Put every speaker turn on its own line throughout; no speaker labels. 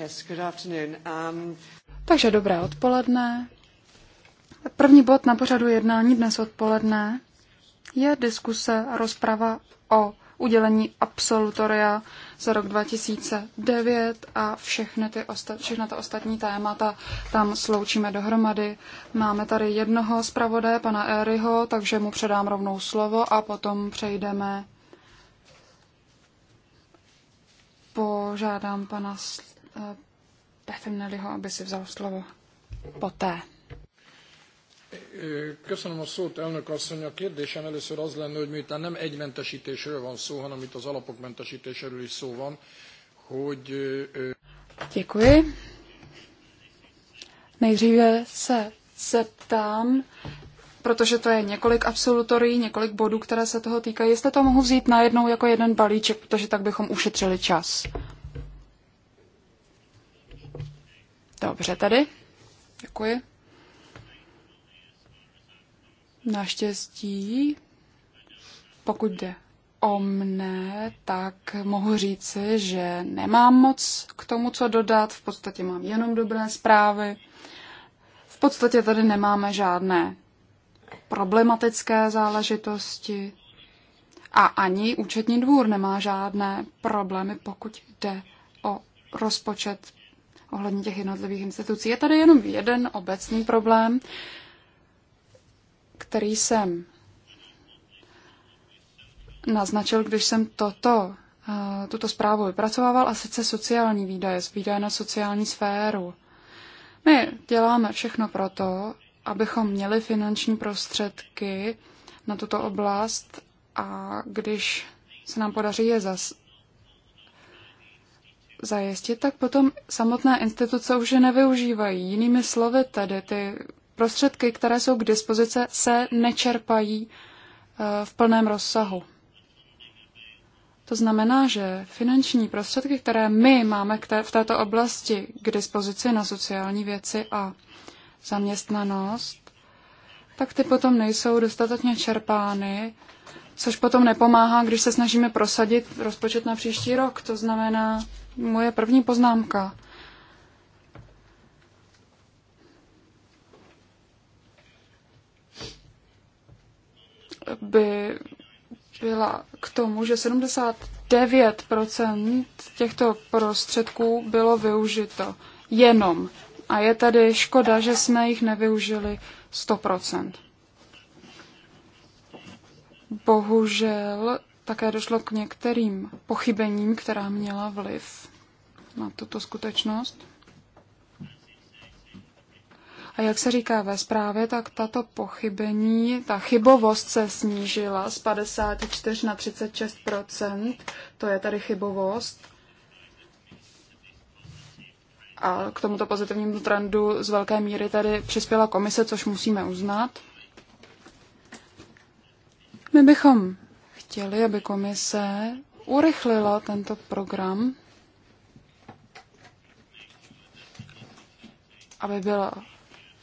Yes, good afternoon. Um... Takže dobré odpoledne. První bod na pořadu jednání dnes odpoledne je diskuse a rozprava o udělení absolutoria za rok 2009 a všechny ty osta- všechna ta ostatní témata tam sloučíme dohromady. Máme tady jednoho zpravodaje, pana Eryho, takže mu předám rovnou slovo a potom přejdeme. Požádám pana Petr aby si vzal slovo poté.
Köszönöm a szót, elnök asszony. A kérdésem először az lenne, hogy miután nem egy mentesítésről van szó, hanem itt az alapok mentesítéséről is szó van, hogy...
Děkuji. Nejdříve se zeptám, protože to je několik absolutorií, několik bodů, které se toho týkají, jestli to mohu vzít najednou jako jeden balíček, protože tak bychom ušetřili čas. Dobře, tady. Děkuji. Naštěstí, pokud jde o mne, tak mohu říci, že nemám moc k tomu, co dodat. V podstatě mám jenom dobré zprávy. V podstatě tady nemáme žádné problematické záležitosti. A ani účetní dvůr nemá žádné problémy, pokud jde o rozpočet ohledně těch jednotlivých institucí. Je tady jenom jeden obecný problém, který jsem naznačil, když jsem toto, eh, tuto zprávu vypracovával, a sice sociální výdaje, výdaje na sociální sféru. My děláme všechno proto, abychom měli finanční prostředky na tuto oblast a když se nám podaří je zas, zajistit, tak potom samotné instituce už je nevyužívají. Jinými slovy tedy ty prostředky, které jsou k dispozici, se nečerpají eh, v plném rozsahu. To znamená, že finanční prostředky, které my máme v této oblasti k dispozici na sociální věci a zaměstnanost, tak ty potom nejsou dostatečně čerpány, což potom nepomáhá, když se snažíme prosadit rozpočet na příští rok. To znamená, moje první poznámka. by byla k tomu, že 79 těchto prostředků bylo využito jenom. A je tady škoda, že jsme jich nevyužili 100 Bohužel také došlo k některým pochybením, která měla vliv na tuto skutečnost. A jak se říká ve zprávě, tak tato pochybení, ta chybovost se snížila z 54 na 36 to je tady chybovost. A k tomuto pozitivnímu trendu z velké míry tady přispěla komise, což musíme uznat. My bychom chtěli, aby komise urychlila tento program, aby, byla,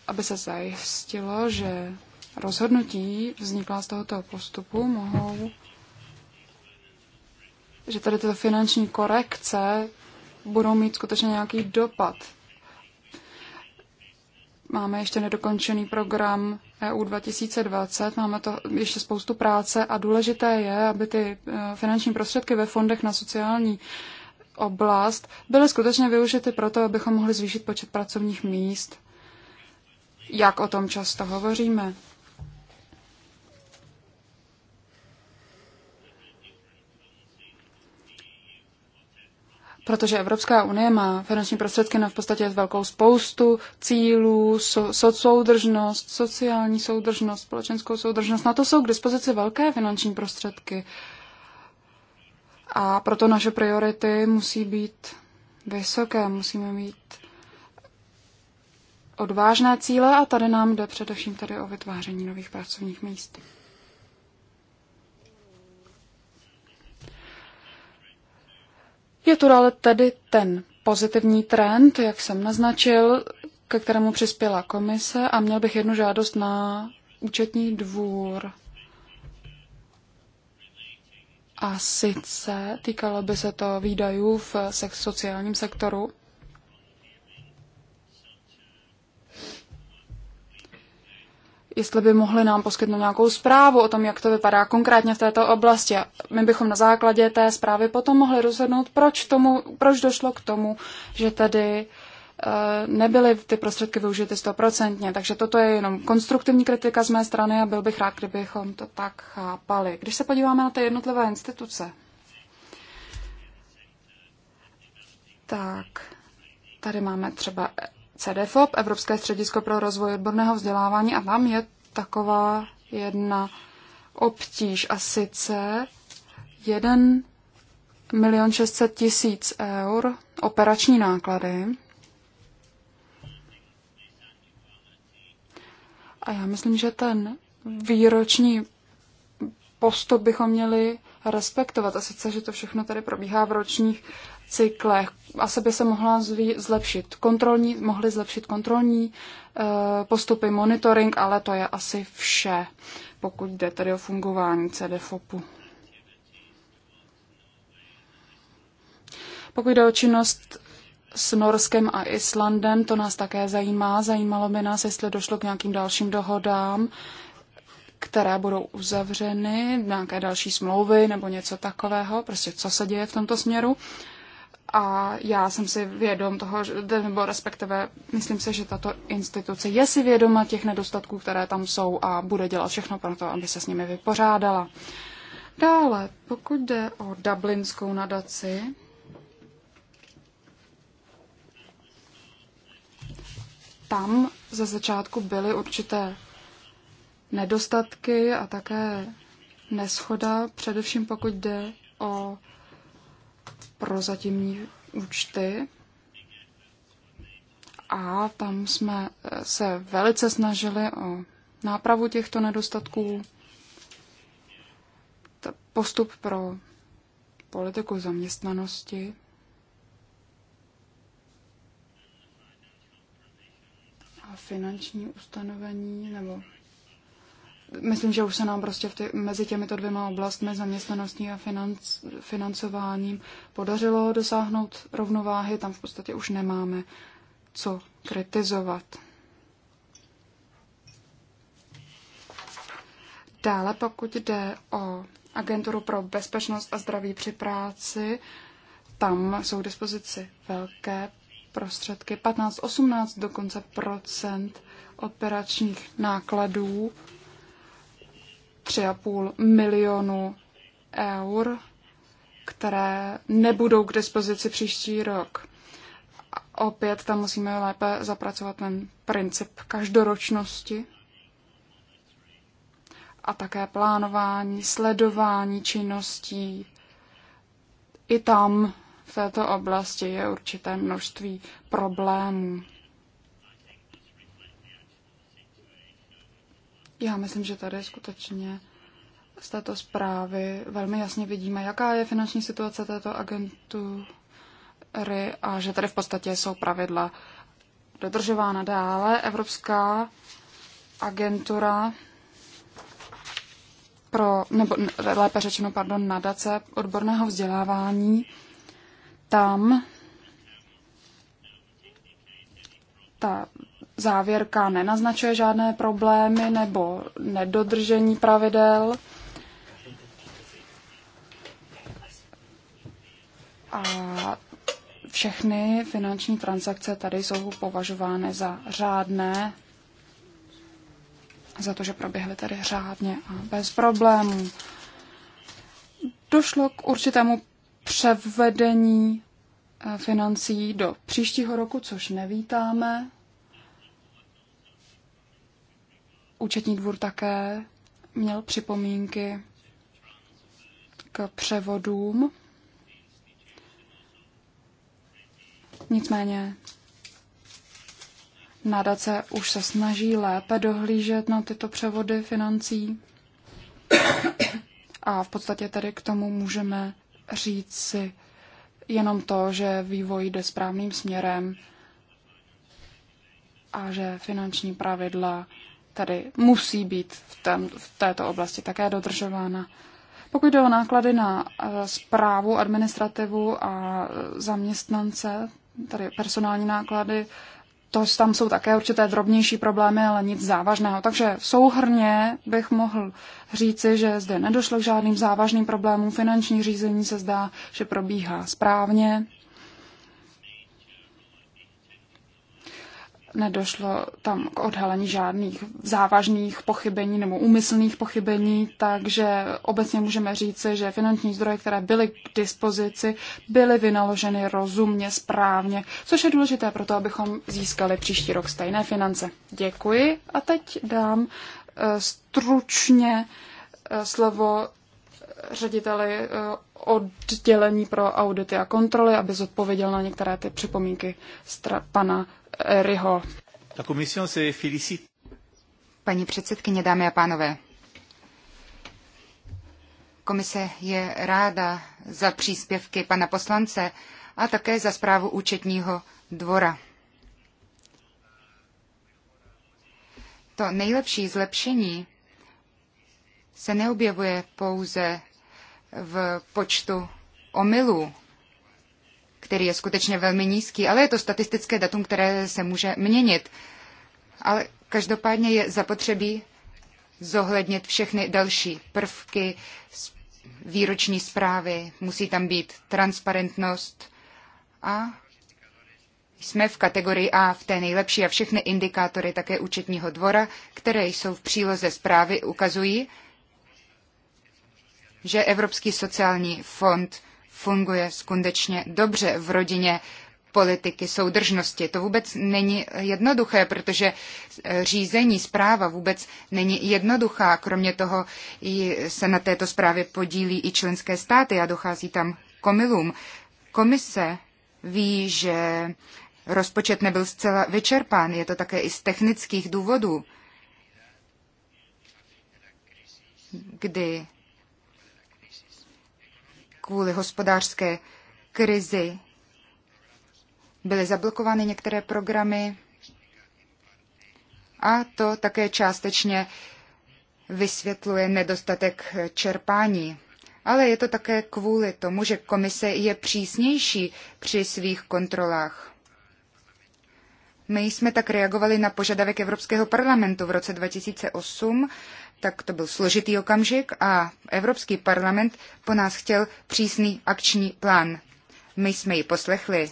aby se zajistilo, že rozhodnutí vzniklá z tohoto postupu mohou, že tady tyto finanční korekce budou mít skutečně nějaký dopad. Máme ještě nedokončený program EU 2020. Máme to ještě spoustu práce a důležité je, aby ty e, finanční prostředky ve fondech na sociální oblast byly skutečně využity proto, abychom mohli zvýšit počet pracovních míst. Jak o tom často hovoříme. protože Evropská unie má finanční prostředky na v podstatě velkou spoustu cílů, so, soudržnost, sociální soudržnost, společenskou soudržnost. Na to jsou k dispozici velké finanční prostředky. A proto naše priority musí být vysoké, musíme mít odvážné cíle a tady nám jde především tady o vytváření nových pracovních míst. Je tu ale tedy ten pozitivní trend, jak jsem naznačil, ke kterému přispěla komise a měl bych jednu žádost na účetní dvůr. A sice týkalo by se to výdajů v sociálním sektoru. jestli by mohli nám poskytnout nějakou zprávu o tom, jak to vypadá konkrétně v této oblasti. my bychom na základě té zprávy potom mohli rozhodnout, proč, tomu, proč došlo k tomu, že tady eh, nebyly ty prostředky využity stoprocentně. Takže toto je jenom konstruktivní kritika z mé strany a byl bych rád, kdybychom to tak chápali. Když se podíváme na ty jednotlivé instituce, tak tady máme třeba CDFOP, Evropské středisko pro rozvoj odborného vzdělávání, a tam je taková jedna obtíž, a sice 1 milion 600 tisíc eur operační náklady. A já myslím, že ten výroční postup bychom měli respektovat. A sice, že to všechno tady probíhá v ročních cyklech. a by se mohla zlepšit kontrolní, mohly zlepšit kontrolní eh, postupy, monitoring, ale to je asi vše, pokud jde tedy o fungování CDFOPu. Pokud jde o činnost s Norskem a Islandem, to nás také zajímá. Zajímalo by nás, jestli došlo k nějakým dalším dohodám, které budou uzavřeny, nějaké další smlouvy nebo něco takového, prostě co se děje v tomto směru a já jsem si vědom toho, nebo respektive myslím si, že tato instituce je si vědoma těch nedostatků, které tam jsou a bude dělat všechno pro to, aby se s nimi vypořádala. Dále, pokud jde o Dublinskou nadaci, tam ze začátku byly určité nedostatky a také neschoda, především pokud jde o prozatímní účty. A tam jsme eh, se velice snažili o nápravu těchto nedostatků. Postup pro politiku zaměstnanosti. A finanční ustanovení nebo myslím, že už se nám prostě v ty, mezi těmito dvěma oblastmi, zaměstnaností a financ, financováním, podařilo dosáhnout rovnováhy. Tam v podstatě už nemáme co kritizovat. Dále, pokud jde o agenturu pro bezpečnost a zdraví při práci, tam jsou k dispozici velké prostředky, 15-18 dokonce procent operačních nákladů 3,5 milionu eur, které nebudou k dispozici příští rok. A opět tam musíme lépe zapracovat ten princip každoročnosti a také plánování, sledování činností. I tam v této oblasti je určité množství problémů. Já myslím, že tady skutečně z této zprávy velmi jasně vidíme, jaká je finanční situace této agentury a že tady v podstatě jsou pravidla dodržována dále. Evropská agentura pro, nebo lépe řečeno, pardon, nadace odborného vzdělávání, tam ta závěrka nenaznačuje žádné problémy nebo nedodržení pravidel. A všechny finanční transakce tady jsou považovány za řádné, za to, že proběhly tady řádně a bez problémů. Došlo k určitému převedení eh, financí do příštího roku, což nevítáme. Účetní dvůr také měl připomínky k převodům. Nicméně nadace už se snaží lépe dohlížet na tyto převody financí. A v podstatě tady k tomu můžeme říct si jenom to, že vývoj jde správným směrem a že finanční pravidla tady musí být v, tém, v této oblasti také dodržována. Pokud jde o náklady na zprávu, eh, administrativu a eh, zaměstnance, tady personální náklady, to tam jsou také určité drobnější problémy, ale nic závažného. Takže souhrně bych mohl říci, že zde nedošlo k žádným závažným problémům. Finanční řízení se zdá, že probíhá správně. nedošlo tam k odhalení žádných závažných pochybení nebo úmyslných pochybení, takže obecně můžeme říci, že finanční zdroje, které byly k dispozici, byly vynaloženy rozumně, správně, což je důležité pro to, abychom získali příští rok stejné finance. Děkuji a teď dám eh, stručně eh, slovo řediteli eh, oddělení pro audity a kontroly, aby zodpověděl na
některé ty připomínky pana Ryho. La se Paní předsedkyně, dámy a pánové, komise je ráda za příspěvky pana poslance a také za zprávu účetního dvora. To nejlepší zlepšení se neobjevuje pouze v počtu omylů, který je skutečně velmi nízký, ale je to statistické datum, které se může měnit. Ale každopádně je zapotřebí zohlednit všechny další prvky výroční zprávy, musí tam být transparentnost a jsme v kategorii A v té nejlepší a všechny indikátory také účetního dvora, které jsou v příloze zprávy, ukazují, že Evropský sociální fond funguje skutečně dobře v rodině politiky soudržnosti. To vůbec není jednoduché, protože řízení zpráva vůbec není jednoduchá. Kromě toho se na této zprávě podílí i členské státy a dochází tam komilům. Komise ví, že rozpočet nebyl zcela vyčerpán. Je to také i z technických důvodů, kdy kvůli hospodářské krizi byly zablokovány některé programy a to také částečně vysvětluje nedostatek čerpání. Ale je to také kvůli tomu, že komise je přísnější při svých kontrolách. My jsme tak reagovali na požadavek Evropského parlamentu v roce 2008, tak to byl složitý okamžik a Evropský parlament po nás chtěl přísný akční plán. My jsme ji poslechli.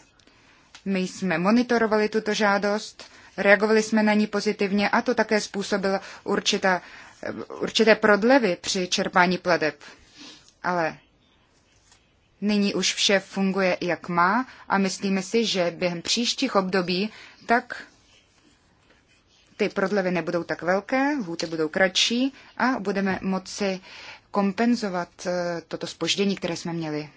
My jsme monitorovali tuto žádost, reagovali jsme na ní pozitivně a to také způsobilo určitá, určité prodlevy při čerpání pladeb. Ale Nyní už vše funguje, jak má a myslíme si, že během příštích období tak ty prodlevy nebudou tak velké, lhůty budou kratší a budeme moci kompenzovat eh, toto spoždění, které jsme měli.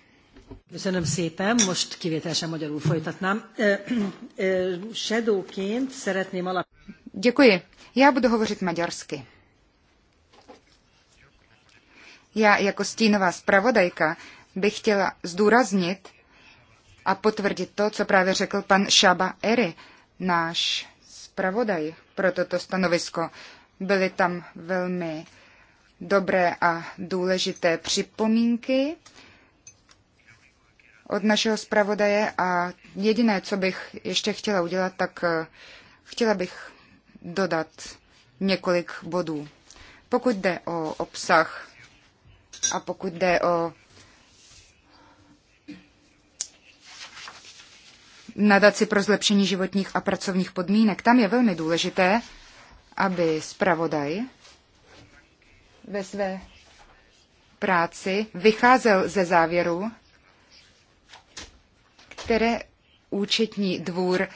Köszönöm szépen, most kivételesen magyarul folytatnám. Eh, eh, Shadowként szeretném alap... Děkuji. Já budu hovořit maďarsky. Já jako stínová zpravodajka bych chtěla zdůraznit a potvrdit to, co právě řekl pan Šaba Eri, náš zpravodaj pro toto stanovisko. Byly tam velmi dobré a důležité připomínky od našeho zpravodaje a jediné, co bych ještě chtěla udělat, tak eh, chtěla bych dodat několik bodů. Pokud jde o obsah a pokud jde o nadaci pro zlepšení životních a pracovních podmínek. Tam je velmi důležité, aby zpravodaj ve své práci vycházel ze závěru, které účetní dvůr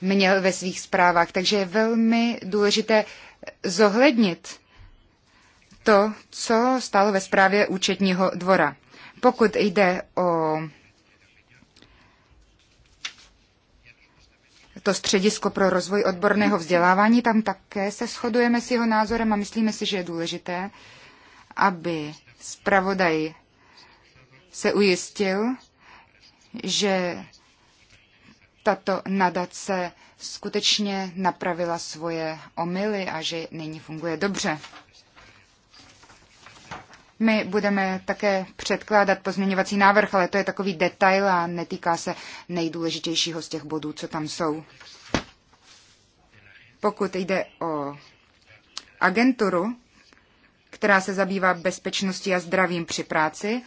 měl ve svých zprávách. Takže je velmi důležité zohlednit to, co stalo ve zprávě účetního dvora. Pokud jde o to středisko pro rozvoj odborného vzdělávání, tam také se shodujeme s jeho názorem a myslíme si, že je důležité, aby zpravodaj se ujistil, že tato nadace skutečně napravila svoje omily a že nyní funguje dobře. My budeme také předkládat pozměňovací návrh, ale to je takový detail a netýká se nejdůležitějšího z těch bodů, co tam jsou. Pokud jde o agenturu, která se zabývá bezpečností a zdravím při práci,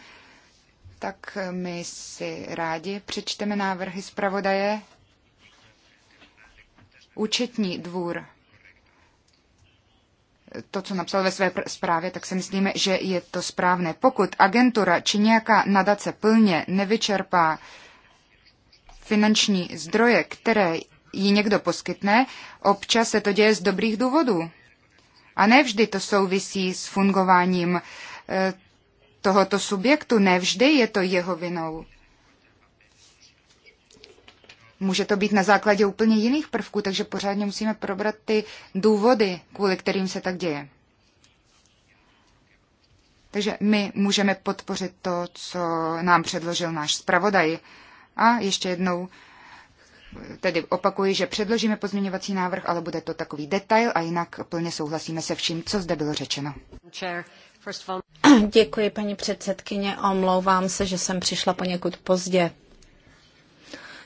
tak my si rádi přečteme návrhy zpravodaje. Účetní dvůr to, co napsal ve své zprávě, tak si myslíme, že je to správné. Pokud agentura či nějaká nadace plně nevyčerpá finanční zdroje, které ji někdo poskytne, občas se to děje z dobrých důvodů. A nevždy to souvisí s fungováním eh, tohoto subjektu, nevždy je to jeho vinou. Může to být na základě úplně jiných prvků, takže pořádně musíme probrat ty důvody, kvůli kterým se tak děje. Takže my můžeme podpořit to, co nám předložil náš zpravodaj. A ještě jednou tedy opakuji, že předložíme pozměňovací návrh, ale bude to takový detail a jinak plně souhlasíme se vším, co zde bylo řečeno. Děkuji, paní
předsedkyně. Omlouvám se, že jsem přišla poněkud pozdě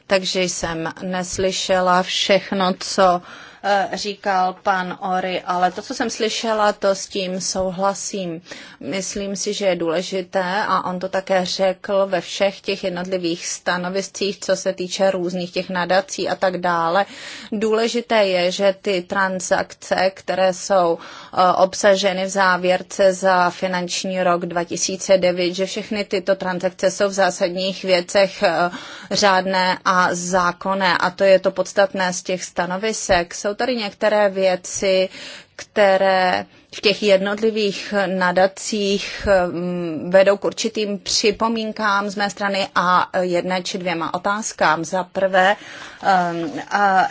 takže jsem neslyšela všechno, co Eh, říkal pan Ory, ale to, co jsem slyšela, to s tím souhlasím. Myslím si, že je důležité a on to také řekl ve všech těch jednotlivých stanoviscích, co se týče různých těch nadací a tak dále. Důležité je, že ty transakce, které jsou eh, obsaženy v závěrce za finanční rok 2009, že všechny tyto transakce jsou v zásadních věcech eh, řádné a zákonné a to je to podstatné z těch stanovisek. Jsou tady některé věci, které v těch jednotlivých nadacích mm, vedou k určitým připomínkám z mé strany a jedné či dvěma otázkám. Za prvé, mm,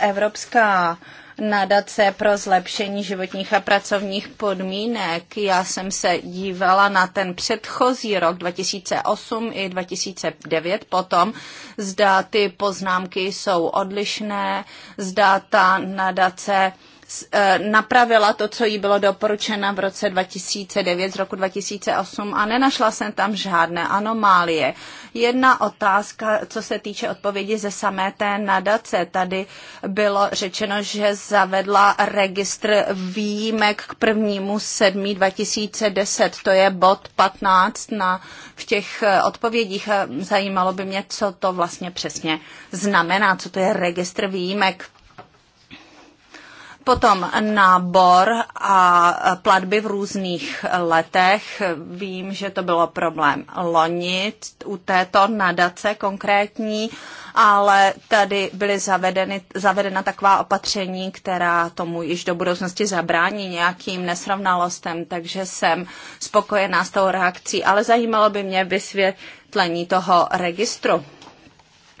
Evropská nadace pro zlepšení životních a pracovních podmínek. Já jsem se dívala na ten předchozí rok 2008 i 2009 potom, zda ty poznámky jsou odlišné, zda ta nadace E, napravila to, co jí bylo doporučeno v roce 2009, z roku 2008 a nenašla jsem tam žádné anomálie. Jedna otázka, co se týče odpovědi ze samé té nadace. Tady bylo řečeno, že zavedla registr výjimek k prvnímu 7. 2010. To je bod 15 na, v těch e, odpovědích. E, zajímalo by mě, co to vlastně přesně znamená, co to je registr výjimek Potom nábor a platby v různých letech. Vím, že to bylo problém loni u této nadace konkrétní, ale tady byly zavedeny, zavedena taková opatření, která tomu již do budoucnosti zabrání nějakým nesrovnalostem, takže jsem spokojená s tou reakcí, ale zajímalo by mě vysvětlení toho registru.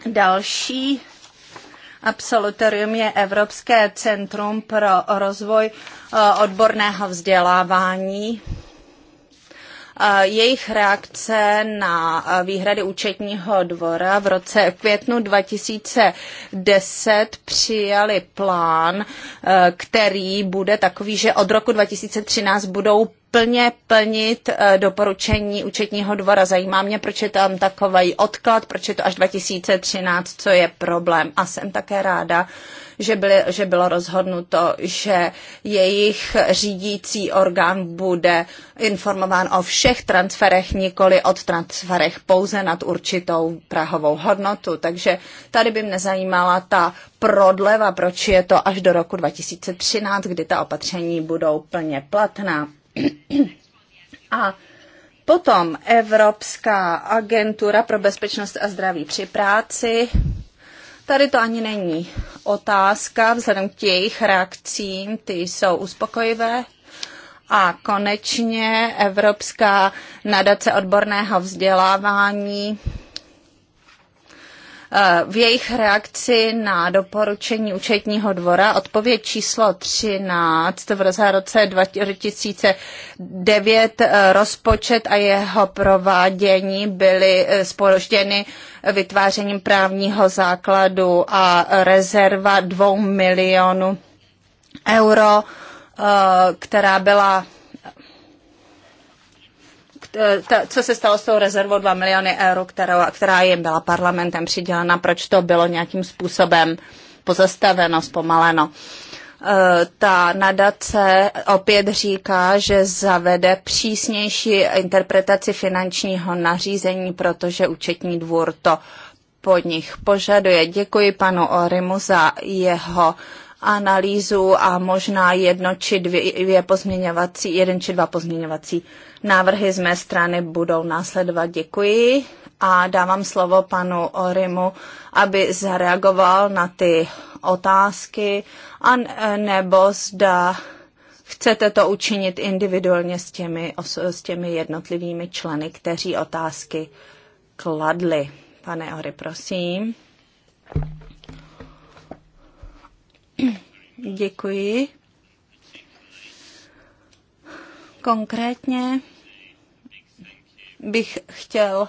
Další Absolutorium je Evropské centrum pro rozvoj eh, odborného vzdělávání. Eh, jejich reakce na eh, výhrady účetního dvora v roce květnu 2010 přijali plán, který bude takový, že od roku 2013 budou plně plnit eh, doporučení účetního dvora. Zajímá mě, proč je tam takový odklad, proč je to až 2013, co je problém. A jsem také ráda, že, byly, že bylo rozhodnuto, že jejich řídící orgán bude informován o všech transferech, nikoli od transferech pouze nad určitou prahovou hodnotu. Takže tady by mě zajímala ta prodleva, proč je to až do roku 2013, kdy ta opatření budou plně platná. A potom Evropská agentura pro bezpečnost a zdraví při práci. Tady to ani není otázka, vzhledem k jejich reakcím, ty jsou uspokojivé. A konečně Evropská nadace odborného vzdělávání Eh, v jejich reakci na doporučení účetního dvora odpověď číslo 13 v roce 2009 eh, rozpočet a jeho provádění byly eh, spožděny vytvářením právního základu a rezerva 2 milionů euro, která byla Eh, ta, co se stalo s tou rezervou 2 miliony euro, která, která jim byla parlamentem přidělena, proč to bylo nějakým způsobem pozastaveno, zpomaleno. Eh, ta nadace opět říká, že zavede přísnější interpretaci finančního nařízení, protože účetní dvůr to po nich požaduje. Děkuji panu Orimu za jeho uh, analýzu a možná jedno či dvě, pozměňovací, jeden či dva pozměňovací návrhy z mé strany budou následovat. Děkuji a dávám slovo panu Orimu, aby zareagoval na ty otázky a nebo zda chcete to učinit individuálně s těmi, s těmi jednotlivými členy, kteří otázky kladli. Pane Ory, prosím. Děkuji. Konkrétně bych chtěl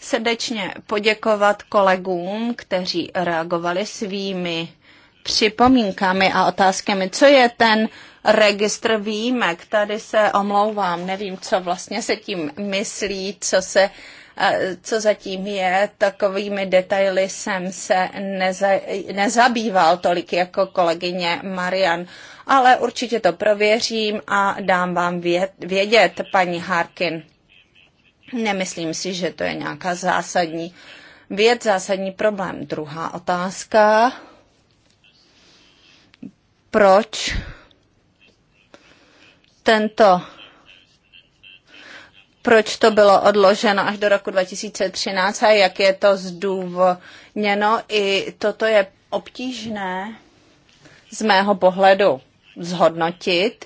srdečně poděkovat kolegům, kteří reagovali svými připomínkami a otázkami. Co je ten
registr
výjimek? Tady se omlouvám, nevím, co vlastně se tím myslí, co se co zatím je, takovými detaily jsem se neza, nezabýval tolik jako kolegyně Marian, ale určitě to prověřím a dám vám vědět, paní Harkin. Nemyslím si, že to je nějaká zásadní věc, zásadní problém. Druhá otázka. Proč tento proč to bylo odloženo až do roku 2013 a jak je to zdůvodněno. I toto je obtížné z mého pohledu zhodnotit,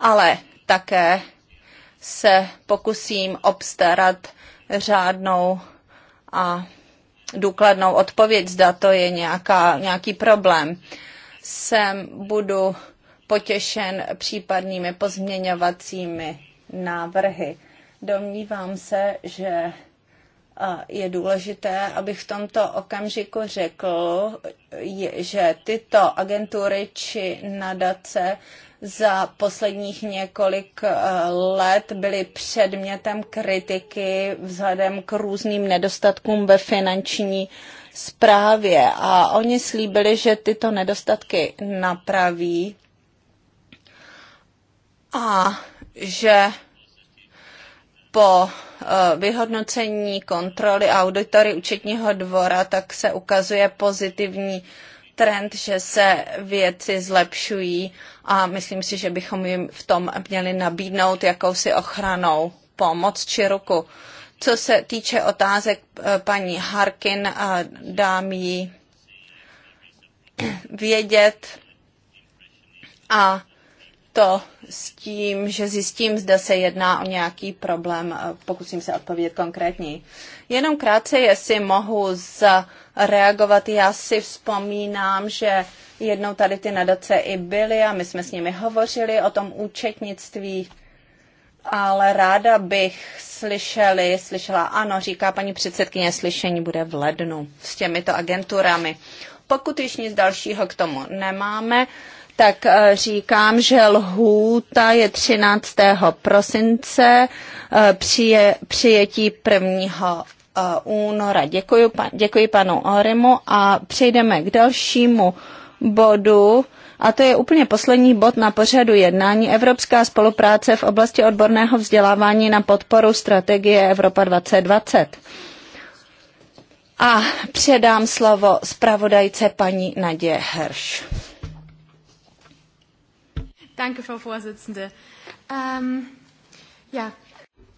ale také se pokusím obstarat řádnou a důkladnou odpověď, zda to je nějaká, nějaký problém. Jsem budu potěšen případnými pozměňovacími návrhy. Domnívám se, že je důležité, abych v tomto okamžiku řekl, že tyto agentury či nadace za posledních několik e, let byly předmětem kritiky vzhledem k různým nedostatkům ve finanční správě. A oni slíbili, že tyto nedostatky napraví a že po eh, vyhodnocení kontroly auditory účetního dvora, tak se ukazuje pozitivní trend, že se věci zlepšují a myslím si, že bychom jim v tom měli nabídnout jakousi ochranou pomoc či ruku. Co se týče otázek eh, paní Harkin, a eh, dám jí vědět a to s tím, že zjistím, zda se jedná o nějaký problém, pokusím se odpovědět konkrétně. Jenom krátce, jestli mohu zareagovat, já si vzpomínám, že jednou tady ty nadace i byly a my jsme s nimi hovořili o tom účetnictví, ale ráda bych slyšeli, slyšela, ano, říká paní předsedkyně, slyšení bude v lednu s těmito agenturami. Pokud již nic dalšího k tomu nemáme, tak eh, říkám, že lhůta je 13. prosince, eh, přije, přijetí 1. Eh, února. Děkuji, pan, děkuji panu Orimu a přejdeme k dalšímu bodu. A to je úplně poslední bod na pořadu jednání Evropská spolupráce v oblasti odborného vzdělávání na podporu strategie Evropa 2020. A předám slovo zpravodajce paní Nadě Herš.
Danke, Frau Vorsitzende. Um, ja.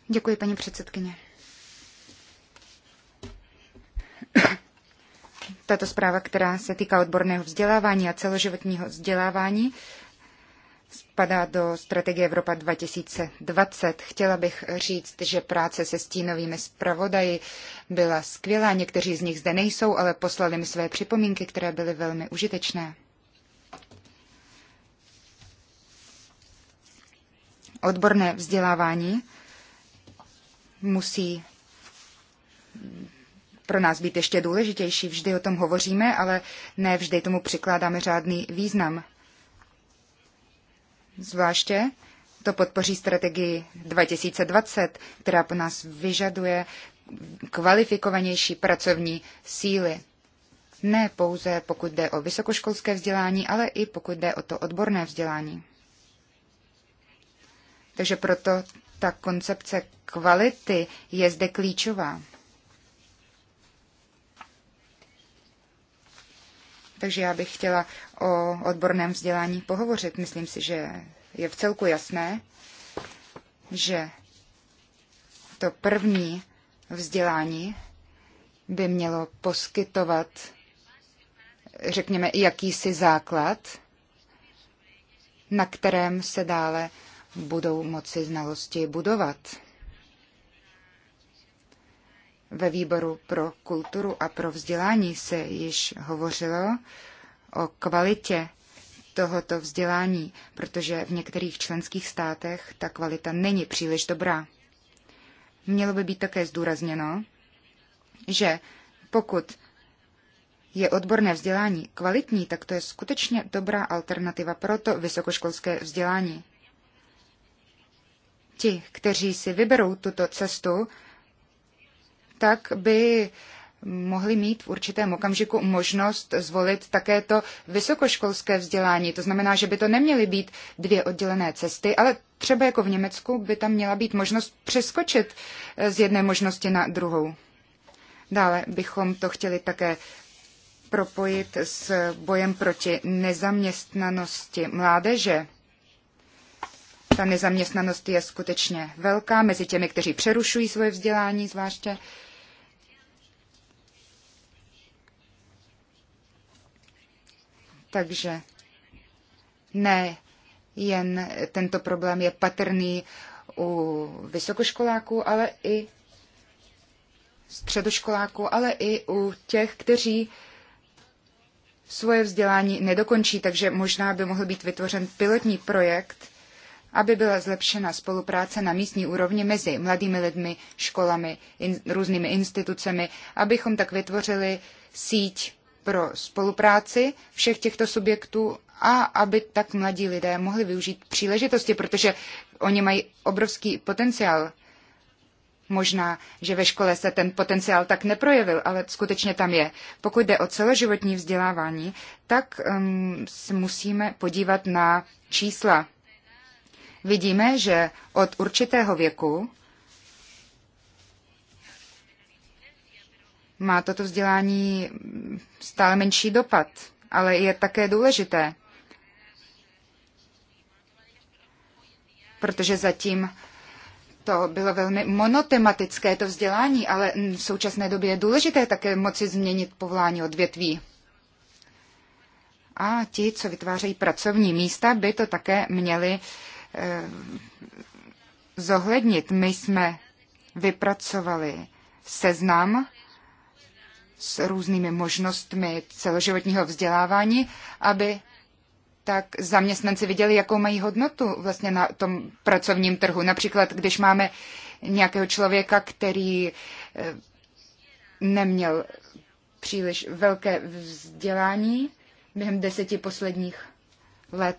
Děkuji, paní předsedkyně. Tato zpráva, která se týká odborného vzdělávání a celoživotního vzdělávání, spadá do strategie Evropa 2020. Chtěla bych říct, že práce se stínovými zpravodaji byla skvělá. Někteří z nich zde nejsou, ale poslali mi své připomínky, které byly velmi užitečné. odborné vzdělávání musí pro nás být ještě důležitější. Vždy o tom hovoříme, ale ne vždy tomu přikládáme žádný význam. Zvláště to podpoří strategii 2020, která po nás vyžaduje kvalifikovanější pracovní síly. Ne pouze pokud jde o vysokoškolské vzdělání, ale i pokud jde o to odborné vzdělání. Takže proto ta koncepce kvality je zde klíčová. Takže já bych chtěla o odborném vzdělání pohovořit. Myslím si, že je v celku jasné, že to první vzdělání by mělo poskytovat, řekněme, jakýsi základ, na kterém se dále budou moci znalosti budovat. Ve výboru pro kulturu a pro vzdělání se již hovořilo o kvalitě tohoto vzdělání, protože v některých členských státech ta kvalita není příliš dobrá. Mělo by být také zdůrazněno, že pokud je odborné vzdělání kvalitní, tak to je skutečně dobrá alternativa pro to vysokoškolské vzdělání ti, kteří si vyberou tuto cestu, tak by mohli mít v určitém okamžiku možnost zvolit také to vysokoškolské vzdělání. To znamená, že by to neměly být dvě oddělené cesty, ale třeba jako v Německu by tam měla být možnost přeskočit eh, z jedné možnosti na druhou. Dále bychom to chtěli také propojit s bojem proti nezaměstnanosti mládeže. Ta nezaměstnanost je skutečně velká mezi těmi, kteří přerušují svoje vzdělání zvláště. Takže ne jen tento problém je patrný u vysokoškoláků, ale i středoškoláků, ale i u těch, kteří svoje vzdělání nedokončí, takže možná by mohl být vytvořen pilotní projekt, aby byla zlepšena spolupráce na místní úrovni mezi mladými lidmi, školami, in, různými institucemi, abychom tak vytvořili síť pro spolupráci všech těchto subjektů a aby tak mladí lidé mohli využít příležitosti, protože oni mají obrovský potenciál. Možná, že ve škole se ten potenciál tak neprojevil, ale skutečně tam je. Pokud jde o celoživotní vzdělávání, tak um, musíme podívat na čísla vidíme, že od určitého věku má toto vzdělání stále menší dopad, ale je také důležité, protože zatím to bylo velmi monotematické to vzdělání, ale v současné době je důležité také moci změnit povolání odvětví. A ti, co vytvářejí pracovní místa, by to také měli Eh, zohlednit. My jsme vypracovali seznam s různými možnostmi celoživotního vzdělávání, aby tak zaměstnanci viděli, jakou mají hodnotu vlastně na tom pracovním trhu. Například, když máme nějakého člověka, který eh, neměl příliš velké vzdělání během deseti posledních let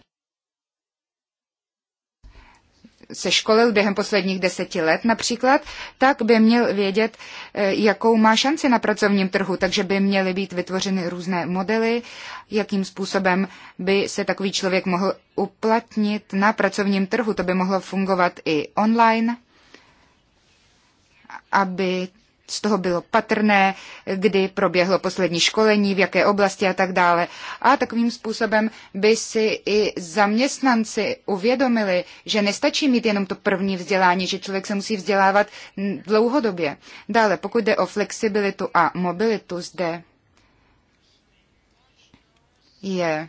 se školil během posledních deseti let například, tak by měl vědět, e, jakou má šanci na pracovním trhu, takže by měly být vytvořeny různé modely, jakým způsobem by se takový člověk mohl uplatnit na pracovním trhu. To by mohlo fungovat i online, aby z toho bylo patrné, kdy proběhlo poslední školení, v jaké oblasti a tak dále. A takovým způsobem by si i zaměstnanci uvědomili, že nestačí mít jenom to první vzdělání, že člověk se musí vzdělávat dlouhodobě. Dále, pokud jde o flexibilitu a mobilitu zde, je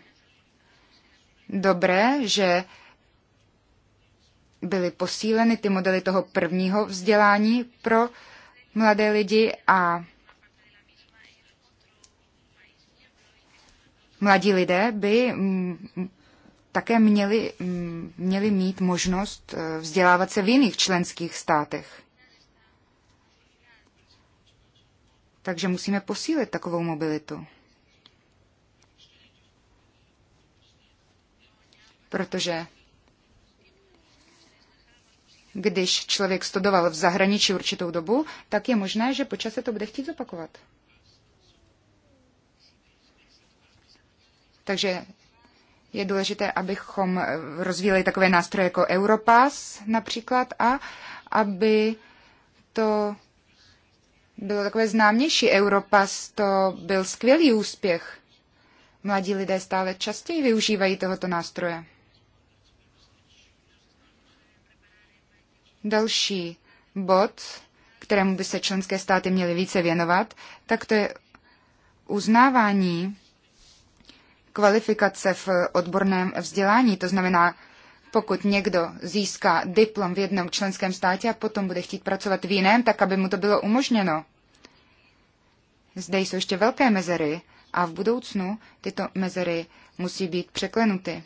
dobré, že byly posíleny ty modely toho prvního vzdělání pro mladé lidi a mladí lidé by mm, také měli, mm, měli mít možnost eh, vzdělávat se v jiných členských státech. Takže musíme posílit takovou mobilitu. Protože když člověk studoval v zahraničí určitou dobu, tak je možné, že počas se to bude chtít zopakovat. Takže je důležité, abychom rozvíjeli takové nástroje jako Europass například a aby to bylo takové známější. Europass to byl skvělý úspěch. Mladí lidé stále častěji využívají tohoto nástroje. Další bod, kterému by se členské státy měly více věnovat, tak to je uznávání kvalifikace v odborném vzdělání. To znamená, pokud někdo získá diplom v jednom členském státě a potom bude chtít pracovat v jiném, tak aby mu to bylo umožněno. Zde jsou ještě velké mezery a v budoucnu tyto mezery musí být překlenuty.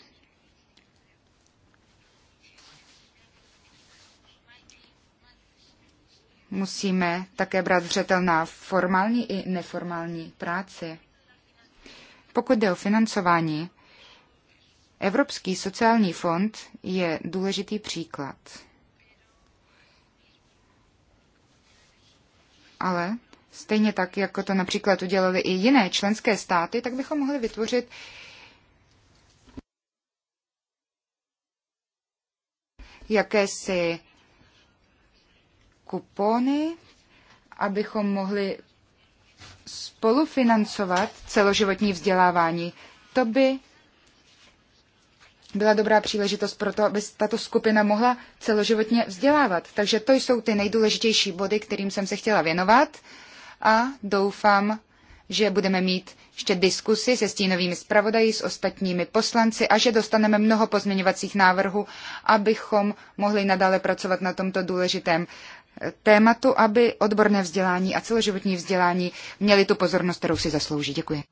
musíme také brát zřetel na formální i neformální práci. Pokud jde o financování, Evropský sociální fond je důležitý příklad. Ale stejně tak, jako to například udělali i jiné členské státy, tak bychom mohli vytvořit jakési kupony, abychom mohli spolufinancovat celoživotní vzdělávání. To by byla dobrá příležitost pro to, aby tato skupina mohla celoživotně vzdělávat. Takže to jsou ty nejdůležitější body, kterým jsem se chtěla věnovat a doufám, že budeme mít ještě diskusy se stínovými zpravodaji, s ostatními poslanci a že dostaneme mnoho pozměňovacích návrhů, abychom mohli nadále pracovat na tomto důležitém tématu, aby odborné vzdělání a celoživotní vzdělání měli tu pozornost, kterou si zaslouží. Děkuji.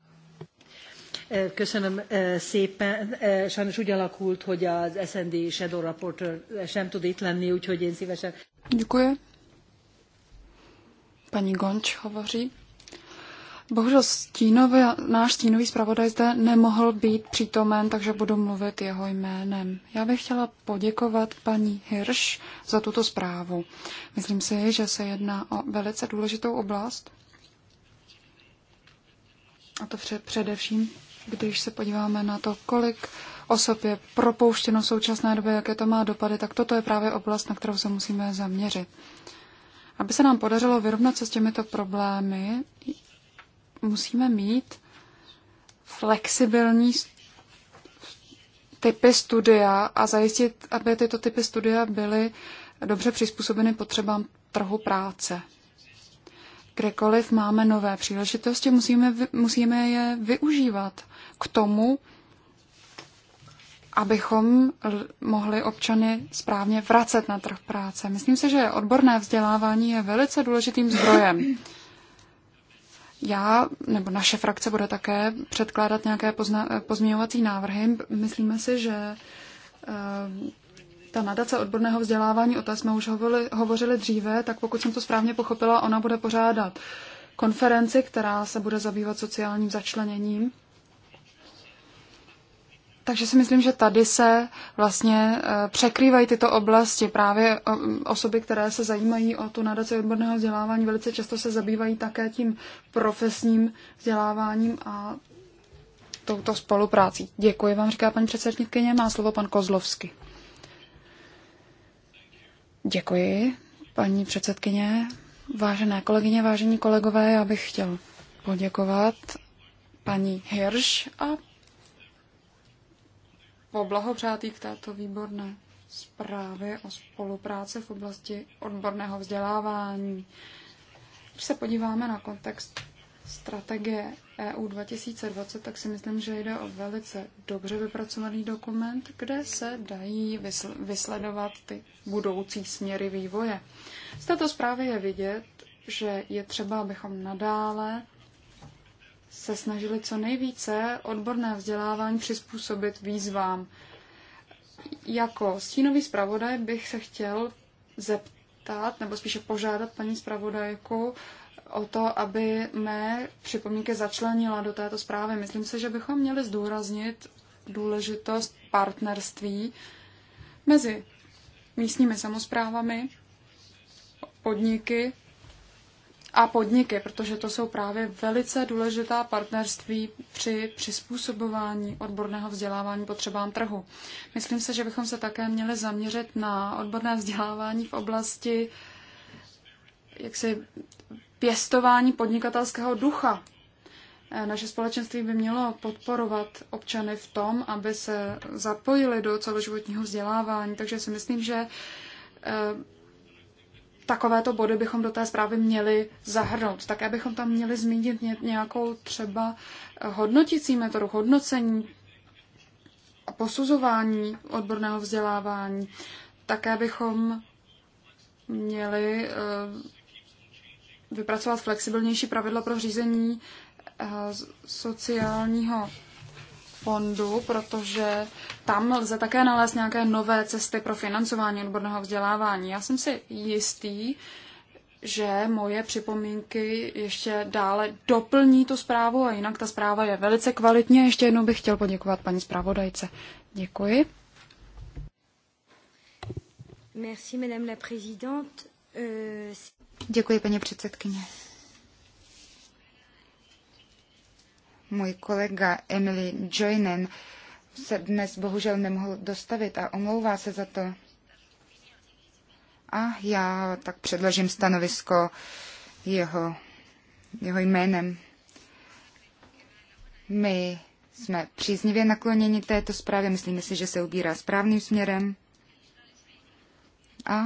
Eh, köszönöm eh, szépen. Eh, sajnos úgy alakult, hogy az SND Shadow Rapporteur sem tud itt lenni, úgyhogy én szívesen...
Děkuji. Paní Gonč hovoří. Bohužel stínový, náš stínový zpravodaj zde nemohl být přítomen, takže budu mluvit jeho jménem. Já bych chtěla poděkovat paní Hirsch za tuto zprávu. Myslím si, že se jedná o velice důležitou oblast. A to především, když se podíváme na to, kolik osob je propouštěno v současné době, jaké to má dopady, tak toto je právě oblast, na kterou se musíme zaměřit. Aby se nám podařilo vyrovnat se s těmito problémy, musíme mít flexibilní typy studia a zajistit, aby tyto typy studia byly dobře přizpůsobeny potřebám trhu práce. Kdekoliv máme nové příležitosti, musíme, musíme je využívat k tomu, abychom mohli občany správně vracet na trh práce. Myslím si, že odborné vzdělávání je velice důležitým zdrojem já nebo naše frakce bude také předkládat nějaké pozna- pozměňovací návrhy. Myslíme si, že eh, ta nadace odborného vzdělávání, o té jsme už hovorili, hovořili dříve, tak pokud jsem to správně pochopila, ona bude pořádat konferenci, která se bude zabývat sociálním začleněním takže si myslím, že tady se vlastně eh, překrývají tyto oblasti. Právě eh, osoby, které se zajímají o tu nadaci odborného vzdělávání, velice často se zabývají také tím profesním vzděláváním a touto spoluprácí. Děkuji vám, říká paní předsednikyně. Má slovo pan Kozlovsky. Děkuji, paní předsedkyně. Vážené kolegyně, vážení kolegové, já bych chtěl poděkovat paní Hirsch a poblahopřát k této výborné zprávě o spolupráci v oblasti odborného vzdělávání. Když se podíváme na kontext strategie EU 2020, tak si myslím, že jde o velice dobře vypracovaný dokument, kde se dají vysledovat ty budoucí směry vývoje. Z této zprávy je vidět, že je třeba, abychom nadále se snažili co nejvíce odborné vzdělávání přizpůsobit výzvám. Jako stínový zpravodaj bych se chtěl zeptat, nebo spíše požádat paní zpravodajku o to, aby mé připomínky začlenila do této zprávy. Myslím si, že bychom měli zdůraznit důležitost partnerství mezi místními samozprávami, podniky, a podniky, protože to jsou právě velice důležitá partnerství při přizpůsobování odborného vzdělávání potřebám trhu. Myslím se, že bychom se také měli zaměřit na odborné vzdělávání v oblasti jaksi pěstování podnikatelského ducha. Eh, naše společenství by mělo podporovat občany v tom, aby se zapojili do celoživotního vzdělávání, takže si myslím, že eh, takovéto body bychom do té zprávy měli zahrnout. Také bychom tam měli zmínit nějakou třeba hodnotící metodu, hodnocení a posuzování odborného vzdělávání. Také bychom měli eh, vypracovat flexibilnější pravidla pro řízení eh, sociálního fondu, protože tam lze také nalézt nějaké nové cesty pro financování odborného vzdělávání. Já jsem si jistý, že moje připomínky ještě dále doplní tu zprávu a jinak ta zpráva je velice kvalitní. Ještě jednou bych chtěl poděkovat paní zpravodajce. Děkuji.
Merci, madame la présidente. Euh, Děkuji, paní předsedkyně. Můj kolega Emily Joinen se dnes bohužel nemohl dostavit a omlouvá se za to. A já tak předložím stanovisko jeho, jeho jménem. My jsme příznivě nakloněni této zprávě, myslíme si, že se ubírá správným směrem a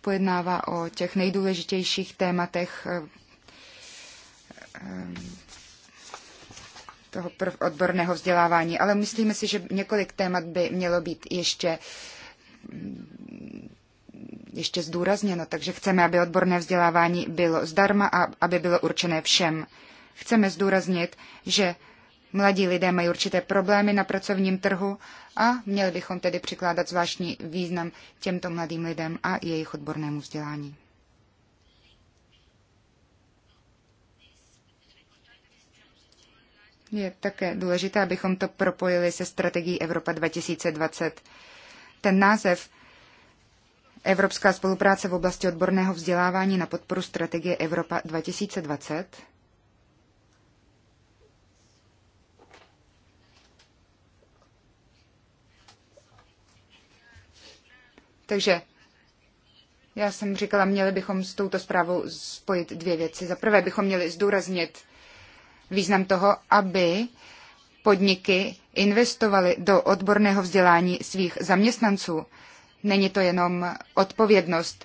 pojednává o těch nejdůležitějších tématech eh, eh, toho odborného vzdělávání, ale myslíme si, že několik témat by mělo být ještě mm, ještě zdůrazněno, takže chceme, aby odborné vzdělávání bylo zdarma a aby bylo určené všem. Chceme zdůraznit, že mladí lidé mají určité problémy na pracovním trhu a měli bychom tedy přikládat zvláštní význam těmto mladým lidem a jejich odbornému vzdělání. Je také důležité, abychom to propojili se strategií Evropa 2020. Ten název Evropská spolupráce v oblasti odborného vzdělávání na podporu strategie Evropa 2020 Takže já jsem říkala, měli bychom s touto zprávou spojit dvě věci. Za prvé bychom měli zdůraznit význam toho, aby podniky investovaly do odborného vzdělání svých zaměstnanců. Není to jenom odpovědnost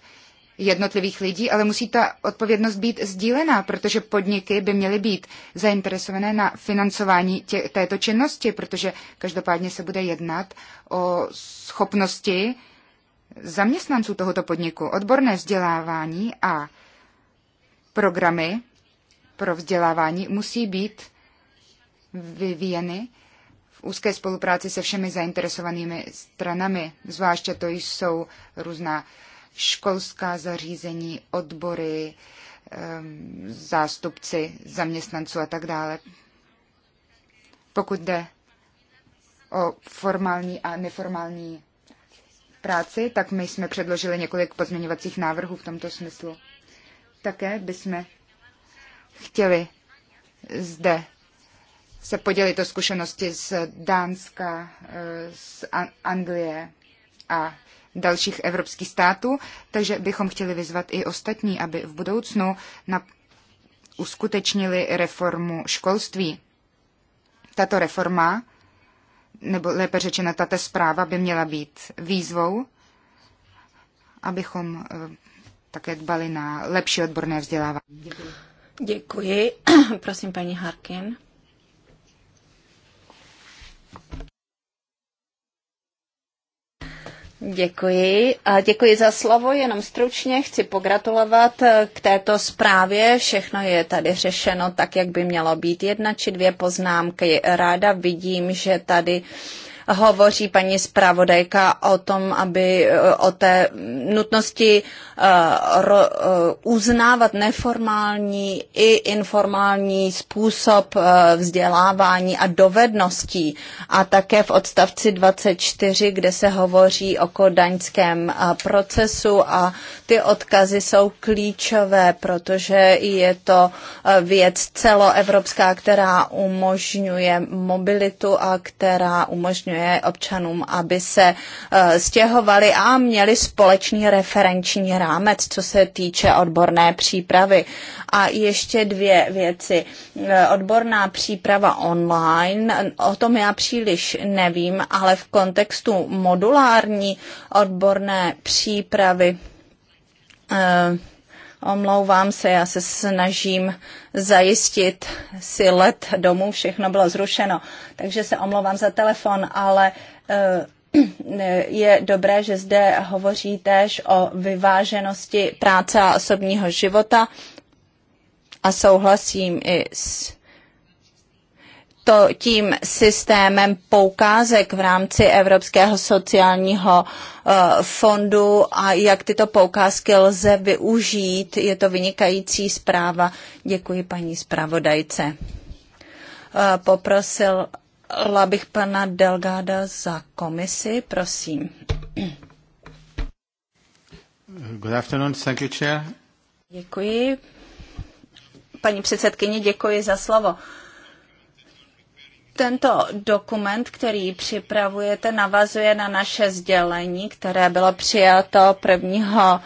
jednotlivých lidí, ale musí ta odpovědnost být sdílená, protože podniky by měly být zainteresované na financování tě, této činnosti, protože každopádně se bude jednat o schopnosti zaměstnanců tohoto podniku, odborné vzdělávání a programy pro vzdělávání musí být vyvíjeny v úzké spolupráci se všemi zainteresovanými stranami, zvláště to jsou různá školská zařízení, odbory, ehm, zástupci zaměstnanců a tak dále. Pokud jde o formální a neformální práci, tak my jsme předložili několik pozměňovacích návrhů v tomto smyslu. Také bychom chtěli zde se podělit o zkušenosti z Dánska, eh, z Anglie a dalších evropských států, takže bychom chtěli vyzvat i ostatní, aby v budoucnu na, uskutečnili reformu školství. Tato reforma, nebo lépe řečeno tato zpráva, by měla být výzvou, abychom eh, také dbali na lepší odborné vzdělávání. Děkuji. Děkuji. Prosím, paní Harkin.
Děkuji. A děkuji za slovo. Jenom stručně chci pogratulovat eh, k této zprávě. Všechno je tady řešeno tak, jak by mělo být. Jedna či dvě poznámky. Ráda vidím, že tady uh, Hovoří paní zpravodajka o tom, aby o té nutnosti eh, eh, uznávat neformální i informální způsob eh, vzdělávání a dovedností. A také v odstavci 24, kde se hovoří o kodaňském procesu a ty odkazy jsou klíčové, protože je to věc celoevropská, která umožňuje mobilitu a která umožňuje umožňuje občanům, aby se eh, stěhovali a měli společný referenční rámec, co se týče odborné přípravy. A ještě dvě věci. Eh, odborná příprava online, o tom já příliš nevím, ale v kontextu modulární odborné přípravy eh, Omlouvám se, já se snažím zajistit si let domů, všechno bylo zrušeno, takže se omlouvám za telefon, ale eh, je dobré, že zde hovoří též o vyváženosti práce a osobního života a souhlasím i s to tím systémem poukázek v rámci Evropského sociálního eh, fondu a jak tyto poukázky lze využít. Je to vynikající zpráva. Děkuji paní zpravodajce. Eh, poprosila bych pana Delgáda za komisi, prosím. Good afternoon, thank you, chair. Děkuji. Paní předsedkyně, děkuji za slovo. Uh, tento dokument, který připravujete, navazuje na naše sdělení, které bylo přijato 1.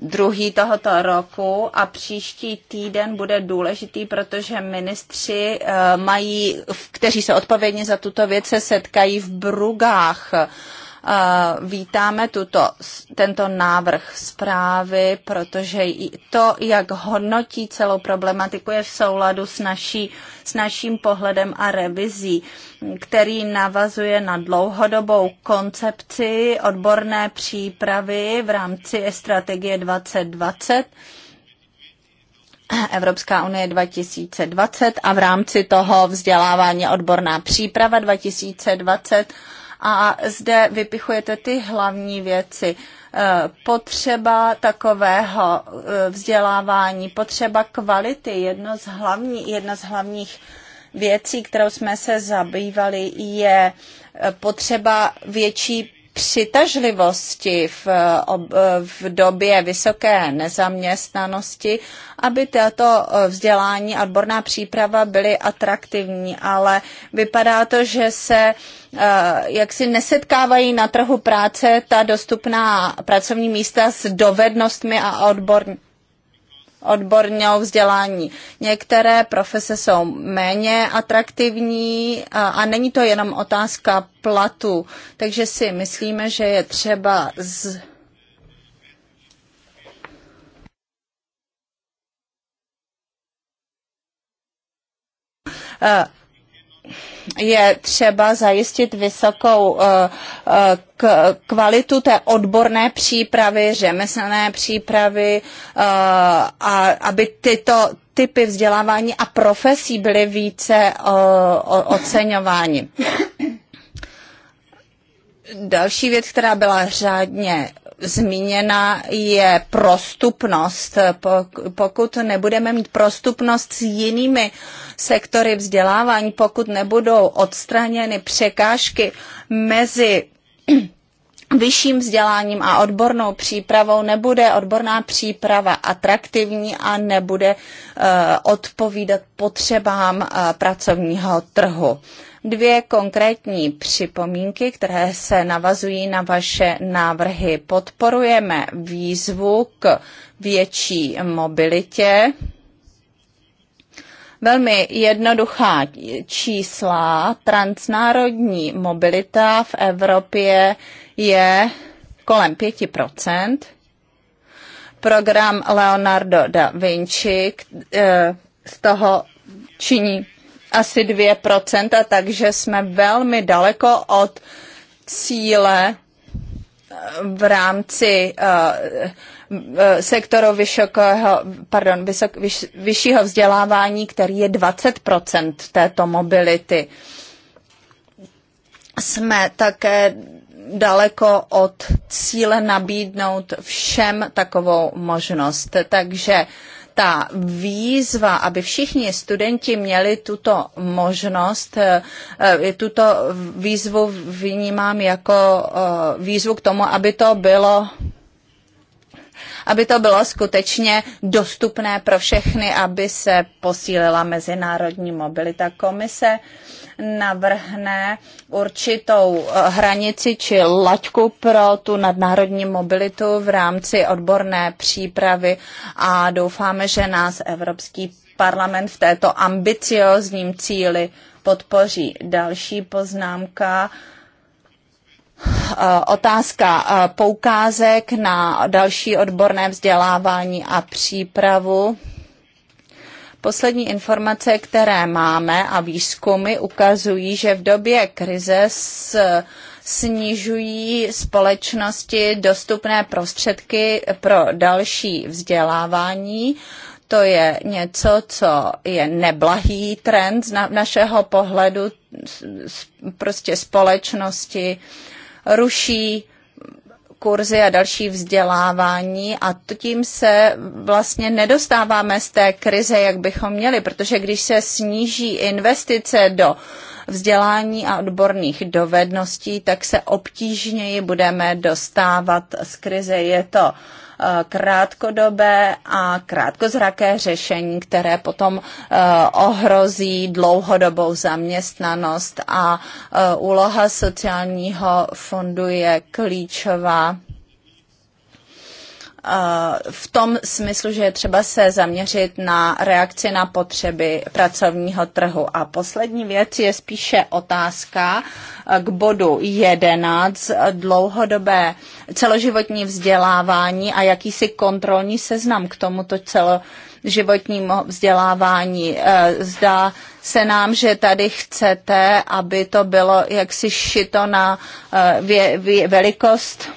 2. Eh, tohoto roku a příští týden bude důležitý, protože ministři eh, mají, kteří se odpovědně za tuto věc, se setkají v Brugách vítáme tuto, tento návrh zprávy, protože i to, jak hodnotí celou problematiku, je v souladu s, naší, s naším pohledem a revizí, který navazuje na dlouhodobou koncepci odborné přípravy v rámci strategie 2020 Evropská unie 2020 a v rámci toho vzdělávání odborná příprava 2020 a zde vypichujete ty hlavní věci e, potřeba takového e, vzdělávání, potřeba kvality, jedno z hlavní, jedna z hlavních věcí, kterou jsme se zabývali, je e, potřeba větší přitažlivosti v, v době vysoké nezaměstnanosti, aby tato vzdělání a odborná příprava byly atraktivní, ale vypadá to, že se eh, jak si nesetkávají na trhu práce ta dostupná pracovní místa s dovednostmi a odborní odborného vzdělání. Některé profese jsou méně atraktivní a není to jenom otázka platu, takže si myslíme, že je třeba z Uh, je třeba zajistit vysokou eh, eh, kvalitu té odborné přípravy, řemeslné přípravy, eh, a aby tyto typy vzdělávání a profesí byly více oceňováni. Další věc, která byla řádně zmíněna je prostupnost. Pokud nebudeme mít prostupnost s jinými sektory vzdělávání, pokud nebudou odstraněny překážky mezi vyšším vzděláním a odbornou přípravou nebude odborná příprava atraktivní a nebude eh, odpovídat potřebám eh, pracovního trhu dvě konkrétní připomínky, které se navazují na vaše návrhy. Podporujeme výzvu k větší mobilitě. Velmi jednoduchá čísla. Transnárodní mobilita v Evropě je kolem 5 Program Leonardo da Vinci eh, z toho činí asi 2%, takže jsme velmi daleko od cíle eh, v rámci eh, eh, sektoru vysokého, pardon, vysok, vyš, vyššího vzdělávání, který je 20% této mobility. Jsme také daleko od cíle nabídnout všem takovou možnost. Takže uh, ta výzva, aby všichni studenti měli tuto možnost, eh, eh, tuto výzvu vnímám jako eh, výzvu k tomu, aby to bylo aby to bylo skutečně dostupné pro všechny, aby se posílila mezinárodní mobilita komise. Uh, navrhne určitou eh, hranici či laťku pro tu nadnárodní mobilitu v rámci odborné přípravy a doufáme, že nás Evropský parlament v této ambiciozním cíli podpoří. Další poznámka eh, otázka eh, poukázek na další odborné vzdělávání a přípravu. Poslední informace, které máme a výzkumy ukazují, že v době krize s snižují společnosti dostupné prostředky pro další vzdělávání. To je něco, co je neblahý trend z našeho pohledu. Prostě společnosti ruší kurzy a další vzdělávání a tím se vlastně nedostáváme z té krize, jak bychom měli, protože když se sníží investice do uh, vzdělání a odborných dovedností, tak se obtížněji budeme dostávat z krize. Je to eh, krátkodobé a krátkozraké řešení, které potom eh, ohrozí dlouhodobou zaměstnanost a eh, úloha sociálního fondu je klíčová Eh, v tom smyslu, že je třeba se zaměřit na reakci na potřeby pracovního trhu. A poslední věc je spíše otázka eh, k bodu 11 dlouhodobé celoživotní vzdělávání a jakýsi kontrolní seznam k tomuto celoživotnímu vzdělávání. Eh, zdá se nám, že tady chcete, aby to bylo jaksi šito na velikost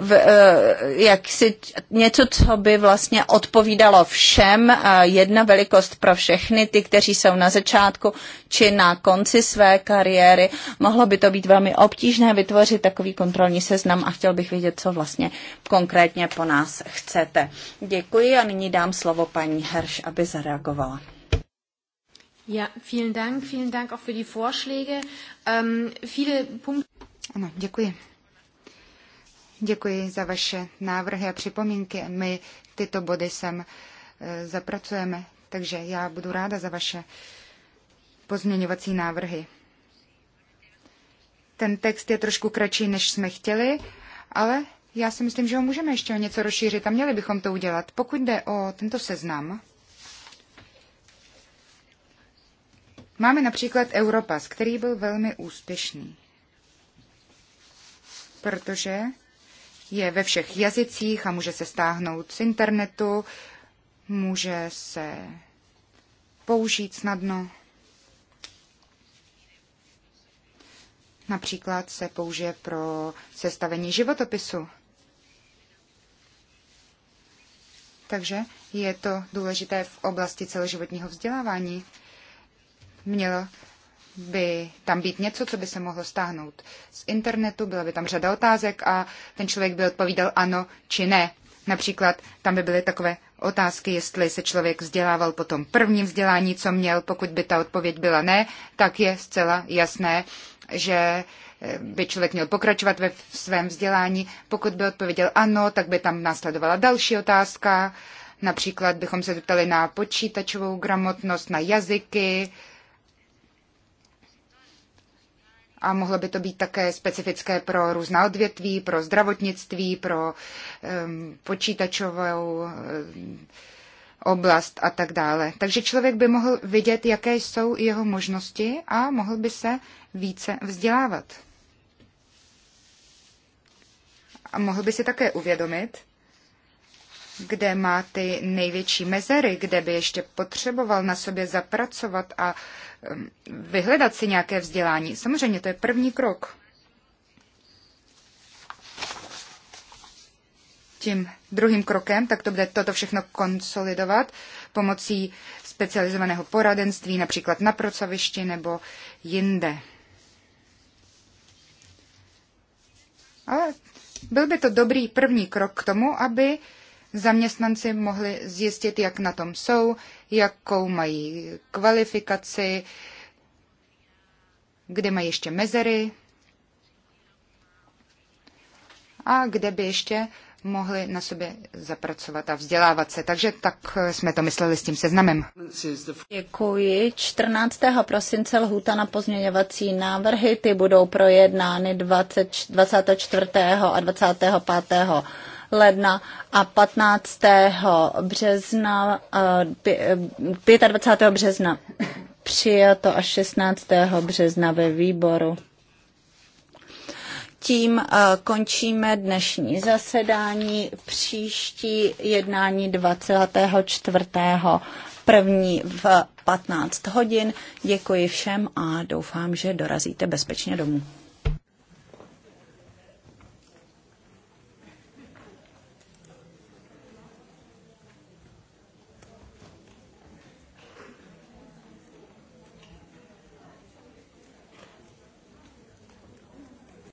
v, e, jak si něco, co by vlastně odpovídalo všem, jedna velikost pro všechny, ty, kteří jsou na začátku či na konci své kariéry. Mohlo by to být velmi obtížné vytvořit takový kontrolní seznam a chtěl bych vědět, co vlastně konkrétně po nás chcete. Děkuji a nyní dám slovo paní Herš, aby zareagovala.
Ja, vielen Dank, vielen Dank auch für die Vorschläge. Ähm, viele Punkte. Ano, děkuji. Děkuji za vaše návrhy a připomínky. My tyto body sem e, zapracujeme, takže já budu ráda za vaše pozměňovací návrhy. Ten text je trošku kratší, než jsme chtěli, ale já si myslím, že ho můžeme ještě o něco rozšířit a měli bychom to udělat. Pokud jde o tento seznam, máme například Europass, který byl velmi úspěšný, protože je ve všech jazycích a může se stáhnout z internetu, může se použít snadno. Například se použije pro sestavení životopisu. Takže je to důležité v oblasti celoživotního vzdělávání. Mělo by tam být něco, co by se mohlo stáhnout z internetu, byla by tam řada otázek a ten člověk by odpovídal ano či ne. Například tam by byly takové otázky, jestli se člověk vzdělával po tom prvním vzdělání, co měl. Pokud by ta odpověď byla ne, tak je zcela jasné, že eh, by člověk měl pokračovat ve svém vzdělání. Pokud by odpověděl ano, tak by tam následovala další otázka. Například bychom se zeptali na počítačovou gramotnost, na jazyky, a mohlo by to být také specifické pro různá odvětví, pro zdravotnictví, pro um, počítačovou um, oblast a tak dále. Takže člověk by mohl vidět, jaké jsou jeho možnosti a mohl by se více vzdělávat. A mohl by si také uvědomit, kde má ty největší mezery, kde by ještě potřeboval na sobě zapracovat a vyhledat si nějaké vzdělání. Samozřejmě to je první krok. Tím druhým krokem, tak to bude toto všechno konsolidovat pomocí specializovaného poradenství, například na pracovišti nebo jinde. Ale byl by to dobrý první krok k tomu, aby zaměstnanci mohli zjistit, jak na tom jsou, jakou mají kvalifikaci, kde mají ještě mezery a kde by ještě mohli na sobě zapracovat a vzdělávat se. Takže tak jsme to mysleli s tím seznamem. Děkuji. 14.
prosince lhůta na pozměňovací návrhy, ty budou projednány 20, 24. a 25 ledna a 15. března, 25. Eh, eh, března přijato a 16. března ve výboru. Tím eh, končíme dnešní zasedání. Příští jednání 24. první v 15 hodin. Děkuji všem a doufám, že dorazíte bezpečně domů.